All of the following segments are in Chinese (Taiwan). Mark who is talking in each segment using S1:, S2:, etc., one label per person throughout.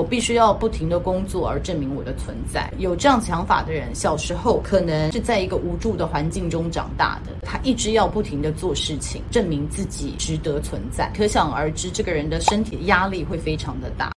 S1: 我必須要不停的工作而證明我的存在。有這樣想法的人，小時候可能是在一個無助的環境中長大的。他一直要不停的做事情，證明自己值得存在。可想而知，這個人的身體壓力會非常的大。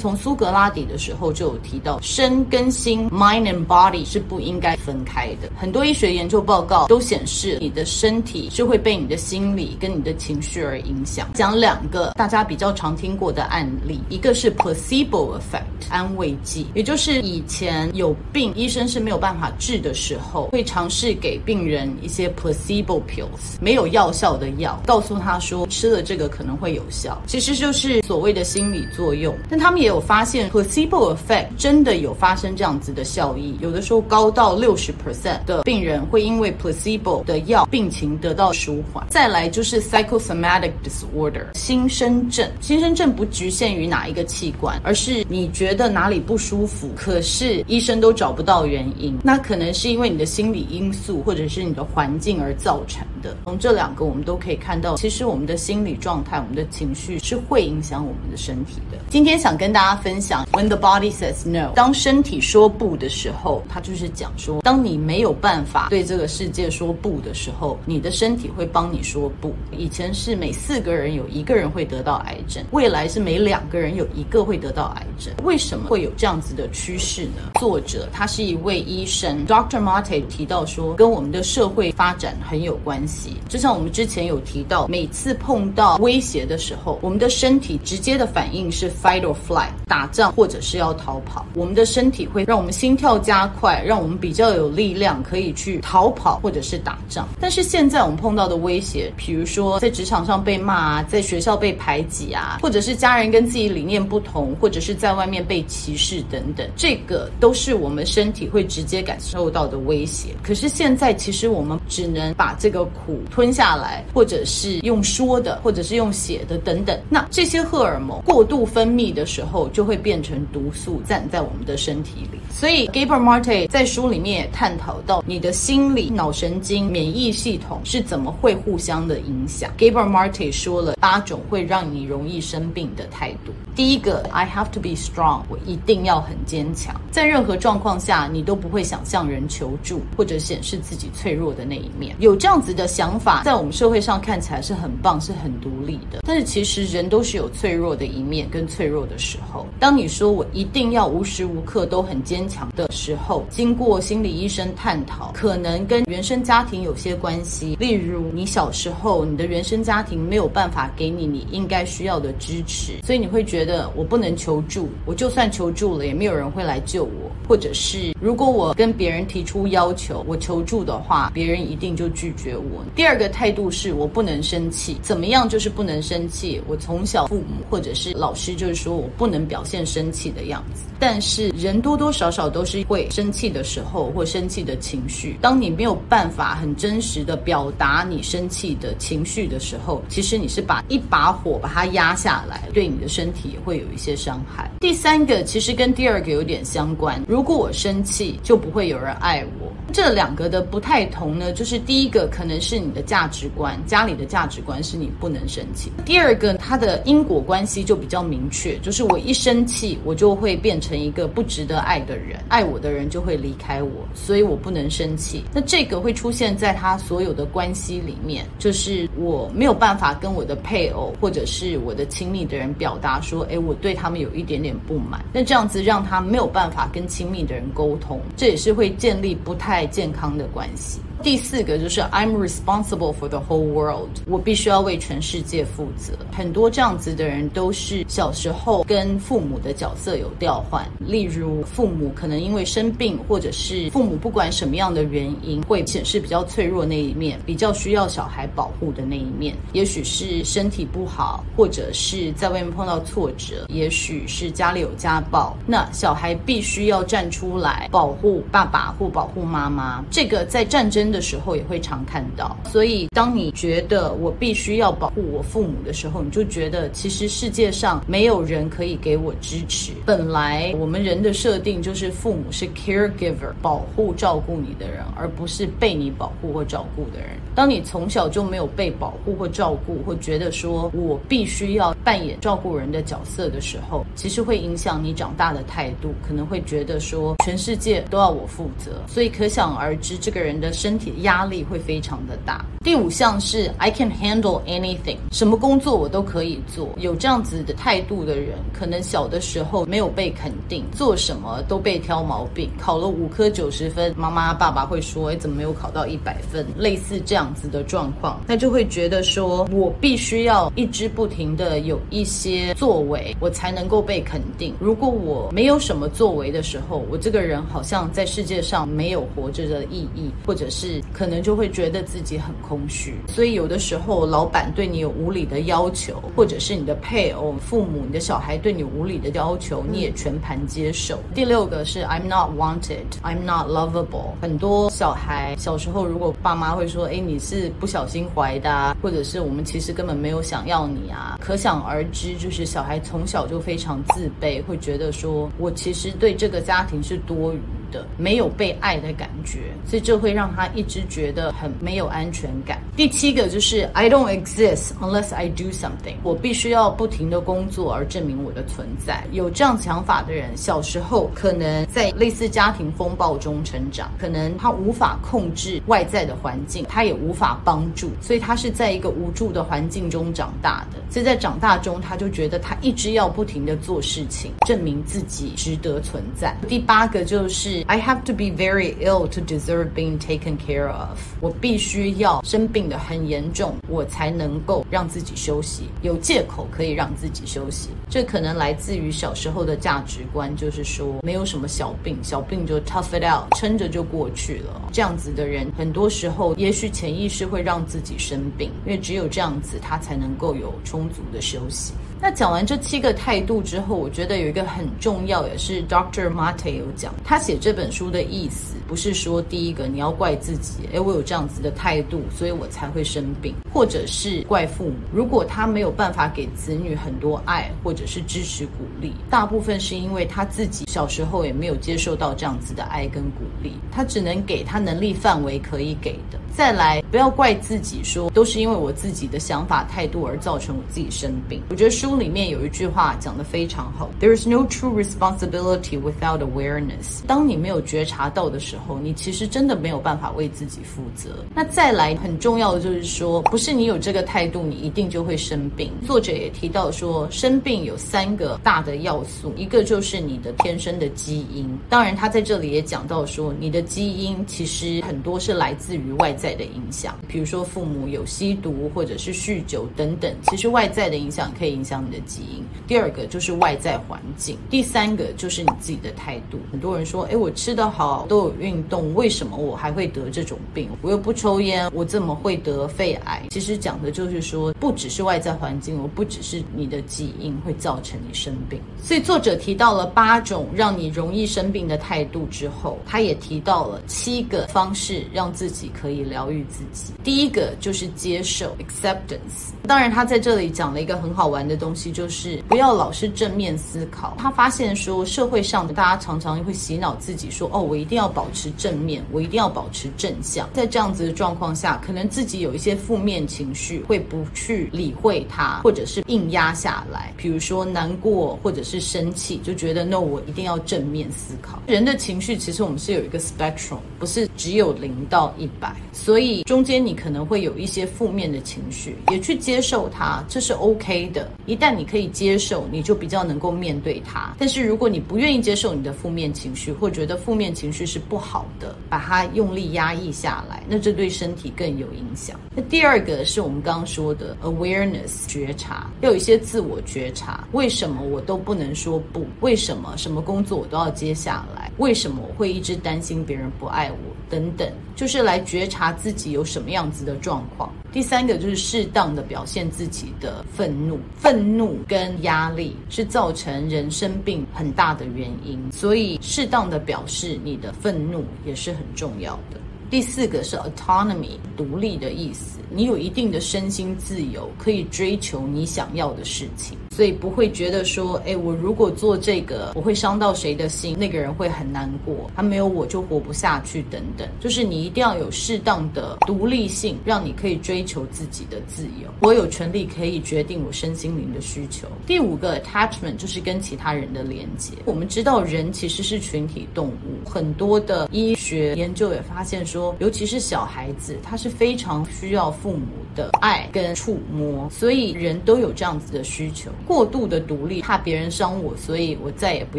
S1: 從蘇格拉底的時候就有提到身，身跟心 （mind and body） 是不應該分開的。很多醫學研究報告都顯示，你的身體是會被你的心理跟你的情緒而影響。講兩個大家比較常聽過的案例，一個是 placebo effect（ 安慰劑），也就是以前有病，醫生是沒有辦法治的時候，會嘗試給病人一些 placebo pills（ 沒有藥效的藥），告訴他說吃了這個可能會有效，其實就是所謂的心理作用。但他們也有發現 placebo effect 真的有發生這樣子的效益，有的時候高到六十 percent 的病人會因為 placebo 的藥病情得到舒緩。再來就是 psychosomatic disorder 心身症，心身症不局限於哪一個器官，而是你覺得哪裡不舒服，可是醫生都找不到原因，那可能是因為你的心理因素或者是你的環境而造成的。從這兩個我們都可以看到，其實我們的心理狀態、我們的情緒是會影響我們的身體的。今天想跟大家大家分享 When the Body Says No，當身體說不的時候，他就是講說，當你沒有辦法對這個世界說不的時候，你的身體會幫你說不。以前是每四個人有一個人會得到癌症，未來是每兩個人有一個會得到癌症。為什麼會有這樣子的趨勢呢？作者他是一位醫生 Dr. Maté 提到說，跟我們的社會發展很有關係。就像我們之前有提到，每次碰到威脅的時候，我們的身體直接的反應是 fight or flight。打仗或者是要逃跑，我們的身體會讓我們心跳加快，讓我們比較有力量，可以去逃跑或者是打仗。但是現在我們碰到的威脅，比如說在職場上被罵啊，在學校被排擠啊，或者是家人跟自己理念不同，或者是在外面被歧視等等，這個都是我們身體會直接感受到的威脅。可是現在其實我們。只能把這個苦吞下來，或者是用說的，或者是用寫的等等。那這些荷爾蒙過度分泌的時候，就會變成毒素，站在我們的身體裡。所以 Gabor Maté 在書裡面也探討到你的心理、腦神經、免疫系統是怎麼會互相的影響。Gabor Maté 說了八種會讓你容易生病的態度。第一個，I have to be strong，我一定要很堅強，在任何狀況下，你都不會想向人求助，或者顯示自己脆弱的那。一面有這樣子的想法，在我們社會上看起來是很棒、是很獨立的。但是其實人都是有脆弱的一面跟脆弱的時候。當你說我一定要無時無刻都很堅強的時候，經過心理醫生探討，可能跟原生家庭有些關係。例如你小時候，你的原生家庭沒有辦法給你你應該需要的支持，所以你會覺得我不能求助，我就算求助了也沒有人會來救我。或者是如果我跟別人提出要求，我求助的話，別人……一定就拒絕我。第二個態度是我不能生氣，怎麼樣就是不能生氣。我從小父母或者是老師就是說我不能表現生氣的樣子。但是人多多少少都是會生氣的時候或生氣的情緒。當你沒有辦法很真實的表達你生氣的情緒的時候，其實你是把一把火把它壓下來，對你的身體也會有一些傷害。第三個其實跟第二個有點相關。如果我生氣，就不會有人愛我。這兩個的不太同呢？就是第一個，可能是你的價值觀，家裡的價值觀是你不能生氣。第二個，他的因果關係就比較明確，就是我一生氣，我就會變成一個不值得愛的人，愛我的人就會離開我，所以我不能生氣。那這個會出現在他所有的關係裡面，就是我沒有辦法跟我的配偶或者是我的親密的人表達說，誒，我對他們有一點點不滿。那這樣子讓他沒有辦法跟親密的人溝通，這也是會建立不太健康的關係。第四。四個就是 I'm responsible for the whole world。我必須要為全世界負責。很多這樣子的人都是小時候跟父母的角色有調換。例如父母可能因為生病，或者是父母不管什麼樣的原因，會顯示比較脆弱那一面，比較需要小孩保護的那一面。也許是身體不好，或者是在外面碰到挫折，也許是家裡有家暴，那小孩必須要站出來保護爸爸或保護媽媽。這個在戰爭的時候。時候也會常看到，所以當你覺得我必須要保護我父母的時候，你就覺得其實世界上沒有人可以給我支持。本來我們人的設定就是父母是 caregiver，保護照顧你的人，而不是被你保護或照顧的人。當你從小就沒有被保護或照顧，或覺得說我必須要。扮演照顧人的角色的時候，其實會影響你長大的態度，可能會覺得說全世界都要我負責，所以可想而知，這個人的身體壓力會非常的大。第五項是 I can handle anything，什麼工作我都可以做。有這樣子的態度的人，可能小的時候沒有被肯定，做什麼都被挑毛病。考了五科九十分，媽媽爸爸會說，哎，怎麼沒有考到一百分？類似這樣子的狀況，那就會覺得說，我必須要一直不停的。有一些作為，我才能夠被肯定。如果我沒有什麼作為的時候，我這個人好像在世界上沒有活着的意義，或者是可能就會覺得自己很空虛。所以有的時候，老板對你有無理的要求，或者是你的配偶、父母、你的小孩對你無理的要求，你也全盤接受。嗯。第六個是 I'm not wanted, I'm not lovable。很多小孩小時候，如果爸媽會說：“哎，你是不小心懷的啊，或者是我們其實根本沒有想要你啊。”可想。而知，就是小孩從小就非常自卑，會覺得說我其實對這個家庭是多餘的沒有被愛的感覺，所以這會讓他一直覺得很沒有安全感。第七個就是 I don't exist unless I do something，我必須要不停的工作而證明我的存在。有這樣想法的人，小時候可能在類似家庭風暴中成長，可能他無法控制外在的環境，他也無法幫助，所以他是在一個無助的環境中長大的。所以在長大中，他就覺得他一直要不停的做事情，證明自己值得存在。第八個就是。I have to be very ill to deserve being taken care of。我必須要生病得很嚴重，我才能夠讓自己休息，有借口可以讓自己休息。這可能來自於小時候的價值觀，就是說沒有什麼小病，小病就 tough it out，撐着就過去了。這樣子的人，很多時候也許潛意識會讓自己生病，因為只有這樣子，他才能夠有充足的休息。那講完這七個態度之後，我覺得有一個很重要，也是 Dr. Maté 有講，他寫這本書的意思，不是說第一個你要怪自己，哎，我有這樣子的態度，所以我才會生病，或者是怪父母。如果他沒有辦法給子女很多愛，或者是支持鼓勵，大部分是因為他自己小時候也沒有接受到這樣子的愛跟鼓勵，他只能給他能力範圍可以給的。再來，不要怪自己說，說都是因為我自己的想法態度而造成我自己生病。我覺得書。書裡面有一句話講得非常好，There is no true responsibility without awareness。當你沒有覺察到的時候，你其實真的沒有辦法為自己負責。那再來很重要的就是說，不是你有這個態度，你一定就會生病。作者也提到說，生病有三個大的要素，一個就是你的天生的基因。當然，他在這裡也講到說，你的基因其實很多是來自於外在的影響，比如說父母有吸毒或者是酗酒等等。其實外在的影響可以影響。你的基因，第二個就是外在環境，第三個就是你自己的態度。很多人說：“哎，我吃得好，都有運動，為什麼我還會得這種病？我又不抽煙，我怎麼會得肺癌？”其實講的就是說，不只是外在環境，我不只是你的基因會造成你生病。所以作者提到了八種讓你容易生病的態度之後，他也提到了七個方式讓自己可以療癒自己。第一個就是接受 （acceptance）。當然，他在這裡講了一個很好玩的東西。東西就是不要老是正面思考。他發現說，社會上大家常常會洗腦自己說：“哦，我一定要保持正面，我一定要保持正向。”在這樣子的狀況下，可能自己有一些負面情緒，會不去理會它，或者是硬壓下來。比如說難過，或者是生氣，就覺得 “no”，我一定要正面思考。人的情緒其實我們是有一個 spectrum，不是只有零到一百，所以中間你可能會有一些負面的情緒，也去接受它，這是 OK 的。一。但你可以接受，你就比較能夠面對它。但是如果你不願意接受你的負面情緒，或覺得負面情緒是不好的，把它用力壓抑下來，那這對身體更有影響。那第二個是我們剛剛說的 awareness 覺察，要有一些自我覺察：為什麼我都不能說不？為什麼什麼工作我都要接下來？為什麼我會一直擔心別人不愛我？等等，就是來覺察自己有什麼樣子的狀況。第三個就是適當的表現自己的憤怒，憤怒跟壓力是造成人生病很大的原因，所以適當的表示你的憤怒也是很重要的。第四個是 autonomy，獨立的意思，你有一定的身心自由，可以追求你想要的事情。所以不會覺得說，哎，我如果做這個，我會傷到誰的心？那個人會很難過，他沒有我就活不下去，等等。就是你一定要有適當的獨立性，讓你可以追求自己的自由。我有權利可以決定我身心靈的需求。第五個 attachment 就是跟其他人的連接。我們知道人其實是群體動物，很多的醫學研究也發現說，尤其是小孩子，他是非常需要父母的愛跟觸摸，所以人都有這樣子的需求。過度的獨立，怕別人傷我，所以我再也不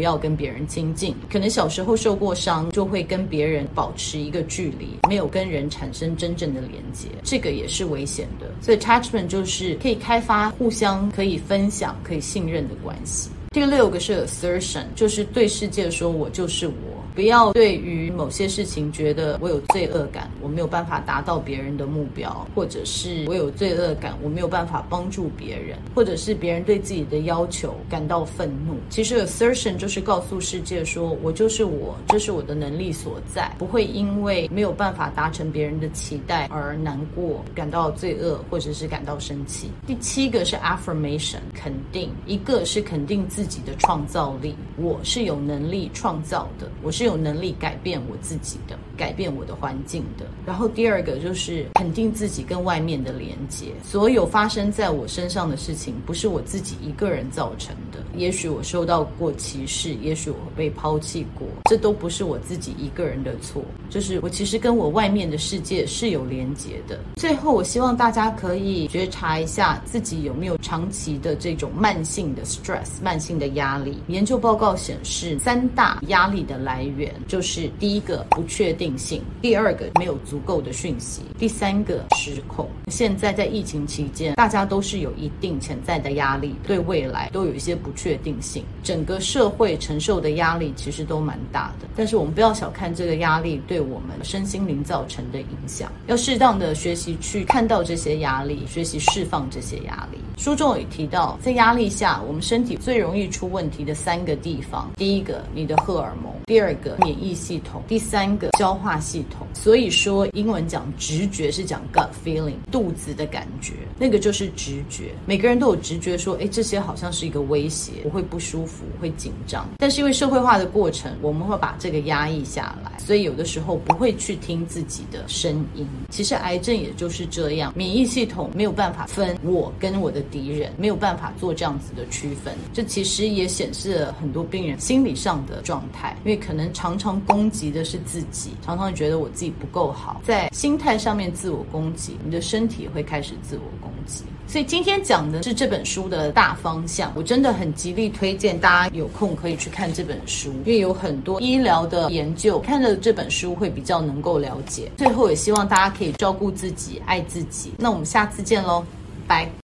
S1: 要跟別人親近。可能小時候受過傷，就會跟別人保持一個距離，沒有跟人產生真正的連接，這個也是危險的。所以，attachment 就是可以開發互相可以分享、可以信任的關係。第六個是 assertion，就是對世界說我就是我。不要對於某些事情覺得我有罪惡感，我沒有辦法達到別人的目標，或者是我有罪惡感，我沒有辦法幫助別人，或者是別人對自己的要求感到憤怒。其實 assertion 就是告訴世界說我就是我，這是我的能力所在，不會因為沒有辦法達成別人的期待而難過，感到罪惡，或者是感到生氣。第七個是 affirmation，肯定，一個是肯定自己的創造力，我是有能力創造的，我是。是有能力改變我自己的，改變我的環境的。然後第二個就是肯定自己跟外面的連接。所有發生在我身上的事情，不是我自己一個人造成的。也許我受到過歧視，也許我被拋棄過，這都不是我自己一個人的錯。就是我其實跟我外面的世界是有連接的。最後，我希望大家可以覺察一下自己有沒有長期的這種慢性的 stress、慢性的壓力。研究報告顯示，三大壓力的來源。遠，就是第一個不確定性，第二個沒有足夠的訊息，第三個失控。現在在疫情期間，大家都是有一定潛在的壓力，對未來都有一些不確定性，整個社會承受的壓力其實都蠻大的。但是我們不要小看這個壓力對我們身心靈造成的影響，要適當的學習去看到這些壓力，學習釋放這些壓力。書中也提到，在壓力下，我們身體最容易出問題的三個地方：第一個，你的荷爾蒙；第二個，免疫系統；第三個，消化系統。所以說，英文講直覺是講 gut feeling，肚子的感覺，那個就是直覺。每個人都有直覺，說，哎，這些好像是一個威脅，我會不舒服，我會緊張。但是因為社會化的過程，我們會把這個壓抑下來，所以有的時候不會去聽自己的聲音。其實癌症也就是這樣，免疫系統沒有辦法分我跟我的敵人沒有辦法做這樣子的區分，這其實也顯示了很多病人心理上的狀態，因為可能常常攻擊的是自己，常常覺得我自己不夠好，在心態上面自我攻擊，你的身體會開始自我攻擊。所以今天講的是這本書的大方向，我真的很極力推薦大家有空可以去看這本書，因為有很多醫療的研究，看了這本書會比較能夠了解。最後也希望大家可以照顧自己，愛自己。那我們下次見嘍，拜拜。